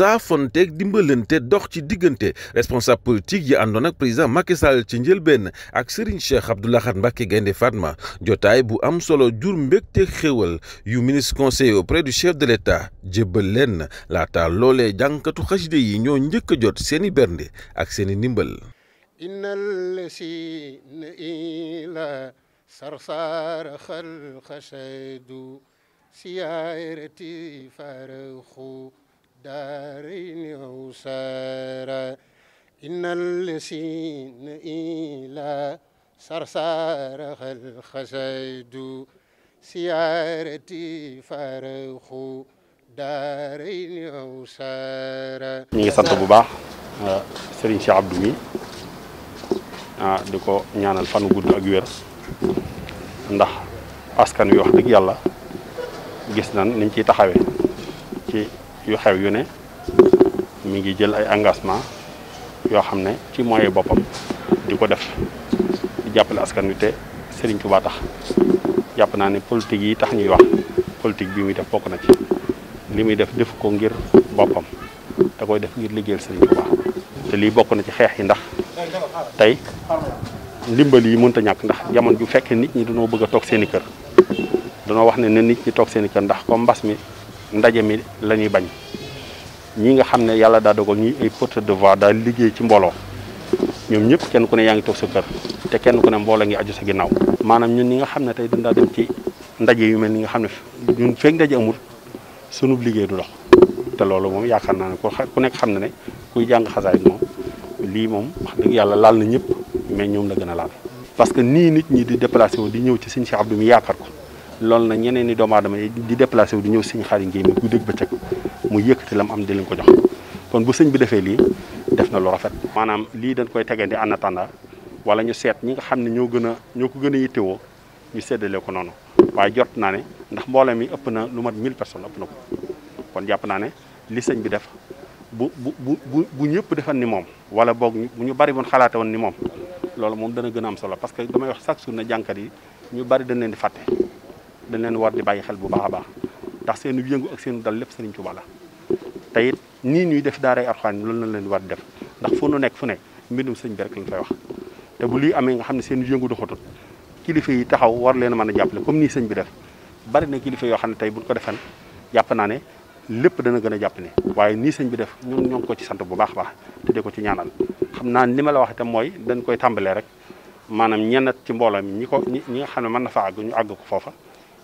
saafonteeg dimbalante dox ci diggante responsable politique yi àndoon ak président Macky ci njëlbéen ak Serigne Cheikh Abdou Lahad Mbacké Gaïndé Fatma jotaay bu am solo jur mbégte xéwal yu ministre conseiller auprès du chef de l'État jébbal leen laata loolee jànkatu xasida yi ñoo njëkk a jot seeni bernde ak seeni ndimbal صرصار خلق الدارين أوسارا إن الذين إلى سرسار الخسيد سيارتي فرخو دارين أوسارا نيجي سنت بباح سرين شي عبدو مي di ko ñaanal fanu gudd ak wér ndax askan wi wax dëgg yàlla gis nan niñ ciy taxawee ci yu xew yu ne mi ngi jël ay engagement yo xamne ci moyen bopam diko def di jàppale askan wi te Serigne Touba tax japp na ne politique yi tax ñuy wax politique bi muy def bokku na ci limuy def def ko ngir bopam da koy def ngir liggéeyal Serigne Touba te li bokku na ci xex yi ndax tay limbal yi ta ñak ndax jamon ju fekk nit ñi dañu bëgg tok toog seen kër dañu wax ne nit ñi tok seen kër ndax comme mbass mi ndaje mi la ñuy bañ ñi nga xam ne yàlla daa dogal ñu ay de voix daal liggéey ci mbooloo ñoom ñëpp kenn ku ne yaa ngi toog sa kër te kenn ku ne mbooloo ngi aju sa ginnaaw. maanaam ñun ñi nga xam ne tey dañ daa dem ci ndaje yu mel ni nga xam ne ñun feeg ndaje amul sunu liggéey du dox te loolu moom yaakaar naa ne ku nekk xam na ne kuy jàng xasaayit moom lii moom wax dëgg yàlla laal na ñëpp mais ñoom la gën a laal. parce que nii nit ñi di déplacé wu di ñëw ci Sëñ Cheikh Abdou mi yaakaar ko. loolu nag ñeneen ni doomu aadama yi di déplacé wu di ñëw sëñ Xaadim Géey mi guddi ak bëccëg mu yëkkati lam am di leen ko jox kon bu sëñ bi defee lii def na lu rafet maanaam lii dañ koy tegandi en attendant wala ñu seet ñi nga xam ne ñoo gën a ñoo ko gën a yittewoo ñu séddale ko noonu waaye jot naa ne ndax mbooloo mi ëpp na lu mat 1000 personnes ëpp na ko kon jàpp naa ne li sëñ bi def bu bu bu bu ñëpp defan ni moom wala boog bu ñu bari woon xalaate woon ni moom loolu moom dana gën am solo parce que damay wax chaque jour ne jànkat yi ñu bari dañ leen di fàtte dañ leen war di bàyyi xel bu baax a baax ndax seen yëngu ak seen dal lépp Serigne Touba la te nii ñuy def daaray Alxuraan loolu lañ leen war di def ndax fu nu nekk fu ne mbindum sëñ bi rek lañ fay te bu lii amee nga xam ne seen yëngu doxatul kilifa yi taxaw war leen mën a jàppale comme nii sëñ bi def bari na kilifa yoo xam ne tey buñ ko defan jàpp naa ne lépp dana gën a jàpp ne waaye nii sëñ bi def ñun ñoo ko ci sant bu baax baax te di ko ci ñaanal xam naa ni ma la wax itam mooy dañ koy tàmbalee rek maanaam ñenn ci mbooloo mi ñi ko ñi nga xam ne mën na fa àgg ñu àgg ko foofa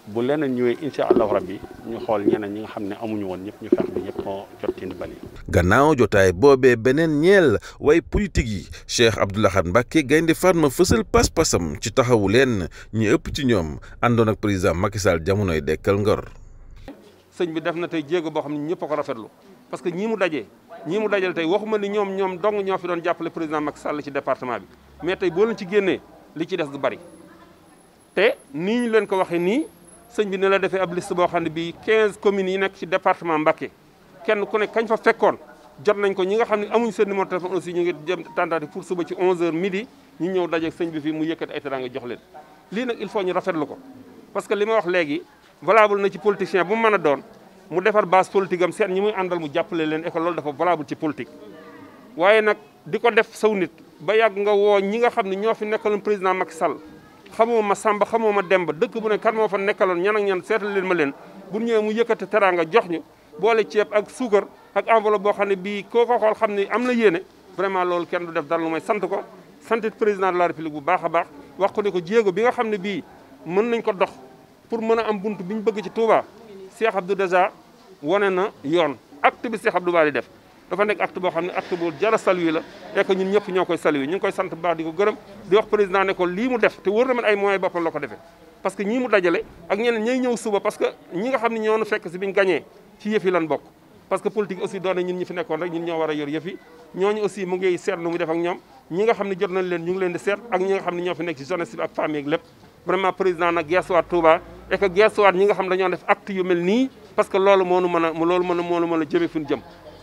bu leneen ñëwé incha allahu rabbi ñu xol ñeneen ñi nga xamné amuñu won ñëpp ñu fex bi ñëpp ko jotti ci ndimbal yi gannaaw jotaay bobé benen ñeël way politique yi Cheikh abdullah khan Mbacké Gaïndé farma fessel pass passam ci taxawu leen ñi ëpp ci ñom andon ak président Macky Sall jamonoy dekkal ngor señ bi def na tay jéggo bo xamni ne ñëpp ko rafetlu parce que ñi mu dajé ñi mu dajal tay waxuma ni ñom ñom dong ñoo fi doon jappalé président Macky Sall ci département bi mais tay bo leen ci génné li ci des du bari té ni ñu leen ko waxé ni sëñ bi ne la défé ab liste bo xamné bi 15 communes yi nekk ci département Mbacké kenn ku ne kañ fa fekkoon jot nañ ko ñi nga xamné ne amuñ seen numéro téléphone aussi ñu ngi jëm tentative pour suba ci 11h midi ñu ñëw dajé sëñ bi fii mu yëkkati ay teraanga jox leen. li nak il faut ñu rafetlu ko parce que li ma wax légui valable na ci politicien bu mëna doon mu défar base politique am seet ñi muy andal mu jappalé leen école lool dafa valable ci politique. waaye nak diko def saw nit ba yag nga wo ñi nga xamné ño ñoo fi nekkaloon président Macky Sall. xamoo ma sàmba xamoo ma demba dëkk bu ne kan moo fa nekkaloon ñan ak ñan seetal leen ma leen bu ñëwee mu yëkkati teraanga jox ñu boole ceeb ak suukar ak enveloppe boo xam ne bii koo ko xool xam ne am na yéene vraiment loolu kenn du def dara lu may sant ko santit président de la république bu baax a baax wax ko ne ko jéego bi nga xam ne bii mën nañ ko dox pour mën a am bunt bi ñu bëgg ci Touba Cheikh Abdou Dèjà wane na yoon acte bi du Abdou Bali def dafa nekk acte ne acte bu jar a saluer la ñëpp ñoo koy saluer ñu koy sant baax di ko gërëm di wax président ne lii mu def te wóor na man ay moyens boppam la ko defee parce que ñii mu dajale ak ñeneen ñay nga xam ne ñoo nu fekk si biñu gañee ci yëf yi lan bokk parce que politique aussi doone ñun ñi fi nekkoon rek a mu def ak ñoom ñi nga xam ne jot nañ leen ñu ngi leen di seet ak ñi nga xam ne ñoo fi nekk ci jeunesse nga xam dañoo def acte yu mel nii parce que loolu moo mën a loolu mën a a jëme fi ñu jëm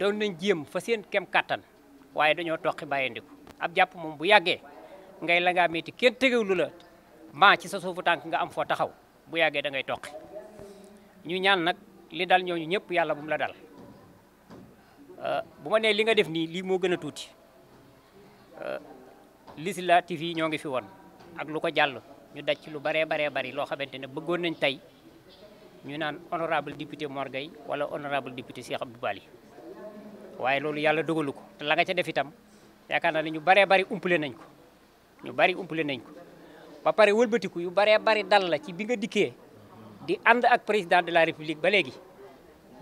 doon nañ jéem fa seen kem kattan waaye dañoo toqi bàyyandiku ab jàpp moom bu yàggee ngay la ngaa metti kenn tegewlu la maa ci sa suufu tànk nga am foo taxaw bu yàggee da ngay toqi ñu ñaan nag li dal ñooñu ñëpp yàlla bu la dal euh, bu nee li nga def nii lii moo gën a tuuti euh, législatif yi ñoo ngi fi woon ak lu ko jàll ñu daj ci lu baree baree bari loo xamante ne bëggoon nañ tey ñu naan honorable député Mor Gueye wala honorable député Cheikh Abdou Bali waaye loolu yàlla dogalu ko te la nga ca def itam yaakaar naa ne ñu baree bari umpale nañ ko ñu bari umpale nañ ko ba pare wëlbatiku yu baree bari dal la ci bi nga dikkee di ànd ak président de la république ba léegi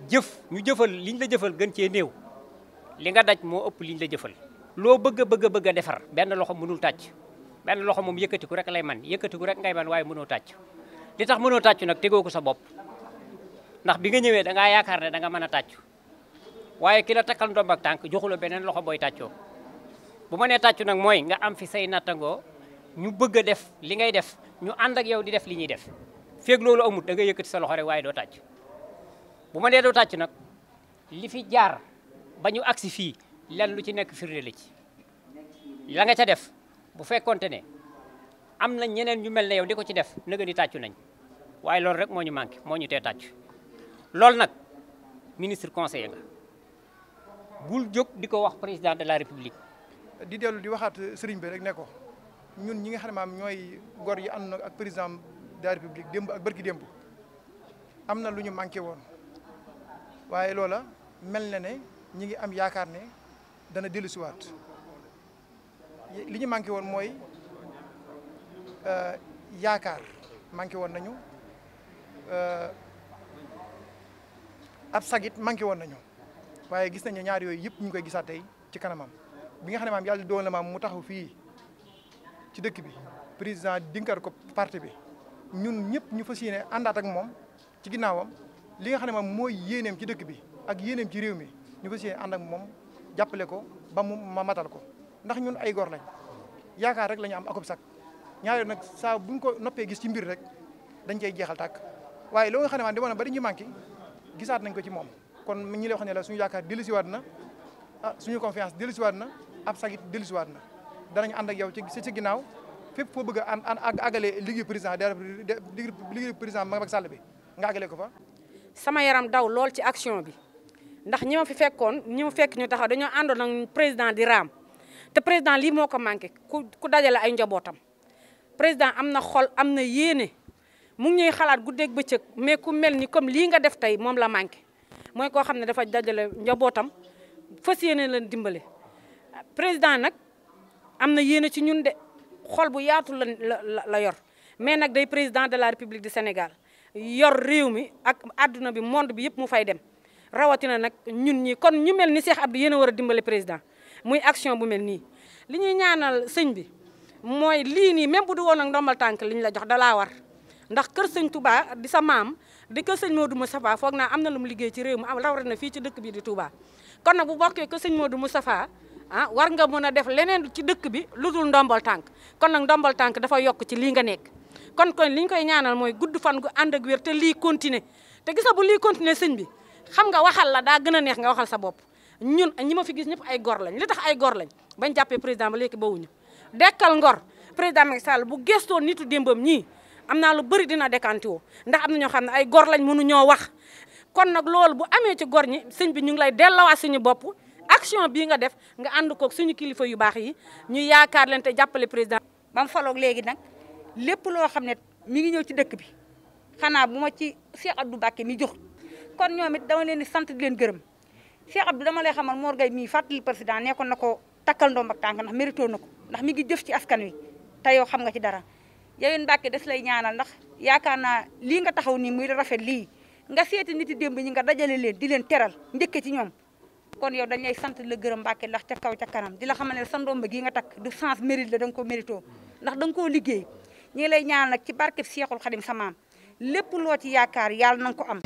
jëf ñu jëfal liñ la jëfal gën cee néew li nga daj moo ëpp liñ la jëfal. loo bëgg a bëgg bëgg defar benn loxo mënul tàcc benn loxo moom yëkkatiku rek lay man yëkkatiku rek ngay man waaye mënoo tàcc li tax mënoo tàcc nag tegoo ko sa bopp ndax bi nga ñëwee da yaakaar ne da nga mën a tàcc. waaye ki la takkal ndomb ak tànk joxula beneen loxo booy tàccoo bu ma nee tàccu nag mooy nga am fi say nattangoo ñu bëgg a def li ngay def ñu ànd ak yow di def li ñuy def feeg loolu amut da ngay yëkkati sa loxo rek waaye doo tàcc bu ma nee doo tàcc nag li fi jaar ba ñu agsi fii lenn lu ci nekk firnde la ci la nga ca def bu fekkonte ne am na ñeneen ñu mel ne yow di ko ci def nëga di tàccu nañ waaye loolu rek moo ñu manqué moo ñu tee tàcc loolu nag ministre conseiller nga bul jóg di ko wax président de la république. di dellu di waxaat sëriñ bi rek nekko ñun ñi nga xam ne maam ñooy gor yi ànd ak président de la démb ak bërki démb am na lu ñu manqué woon waaye loola mel na ne ñi ngi am yaakaar ne dana dellusiwaat siwaat ñu manqué woon mooy euh, yaakaar manqué woon nañu euh, ab sagit manqué woon nañu waaye gis nañ ne ñaar yooyu yëpp ñu koy gisaat tey ci kanamam bi nga xam ne maam yàlla doon na maam mu taxaw fii ci dëkk bi président dinkar ko parti bi ñun ñëpp ñu fas yéene àndaat ak moom ci ginnaawam li nga xam ne maam mooy yéeneem ci dëkk bi ak yéeneem ci réew mi ñu fas yéene ànd ak moom jàppale ko ba mu ma matal ko ndax ñun ay gor lañ yaakaar rek la am akob sak ñaar nag saa buñ ko noppee gis ci mbir rek dañ cay jeexal tàkk waaye loo nga xam ne maam demoon bari ñu manqué gisaat nañ ko ci moom kon ñi lay wax ne la suñu yaakaar dellusiwaat na ah suñu confiance dellusiwaat na ab sagit dellusiwaat na danañ and ak yow ci ci ginaaw fep fo bëgg an an agalé ligue président de ligue président mag Sall bi nga agalé ko fa. sama yaram daw lol ci action bi ndax ñima fi fekkon ñi fekk ñu taxaw dañu àndoon ak président di ram, te président li moko manké ku ku dajale ay njabootam président am na xol am na mu ngi ñuy xalaat ak bëcëk mais ku mel ni comme li nga def tay mom la manké mooy koo xam ne dafa dajale njabootam fas yéene leen dimbale président nag am na yéene ci ñun de xol bu yaatu la la yor mais nag day président de la république de Sénégal yor réew mi ak adduna bi monde bi yëpp mu fay dem rawatina nag ñun ñi kon ñu mel ni Cheikh Abdou yéen a war a dimbale président muy action bu mel nii li ñuy ñaanal sëñ bi mooy lii nii même bu du woon ak ndombal tànk li ñu la jox dalaa war ndax kër sëñ Touba di sa maam di ko sëñ Modou Moustapha foog naa am na lu mu liggéey ci réew mi am na fii ci dëkk bi di Touba kon nag bu bokkee ko sëñ Modou Moustapha ah war nga mën a def leneen ci dëkk bi lu dul ndombal tànk kon nag ndombal tànk dafa yokk ci lii nga nekk kon kon li ñu koy ñaanal mooy gudd fan gu ànd ak wér te lii continuer te gis nga sëñ bi xam nga waxal la daa gën a neex nga waxal sa bopp ñun ñi ma fi gis ñëpp ay gor lañ li tax ay gor lañ bañ jàppee président ba léegi bawuñu dekkal ngor président Macky Sall bu gëstoo nitu démbam ñii amna lu bari dina décanté ndax amna ño ñoo ay gor lañ mënu ño wax kon nak lool bu amé ci gor ñi señ bi ñu ngi lay delloowaat suñu bop action bi nga def nga ànd ko suñu kilifa yu bax yi ñu yaakar leen te jàppale président bam mu légui nak lepp lo loo mi ngi ñew ci dëkk bi xana bu ma ci Cheikh Abdou Mbacké mi jox kon ñomit dama leen di sante di leen gërëm Cheikh Abdou dama lay xamal Mor gay mi fatali président nekkon nako ko ndom ak tank ndax mérito nako ndax mi ngi jëf ci askan wi tayo xam nga ci dara yowin Mbàkke des lay ñaanal ndax yaakaar naa lii nga taxaw nii muy rafet lii nga seeti nit yi démb ñi nga dajale leen di leen teral njëkke ci ñoom kon yow dañ lay sant la gërëm Mbàkke ndax ca kaw ca kanam di la xamal ne sa ndomba gii nga takk du sens mérite la da nga ko mérito ndax da nga koo liggéey ñi ngi lay ñaanal nag ci barkeb Seexul Xadim sa maam lépp loo ci yaakaar yàlla na ko am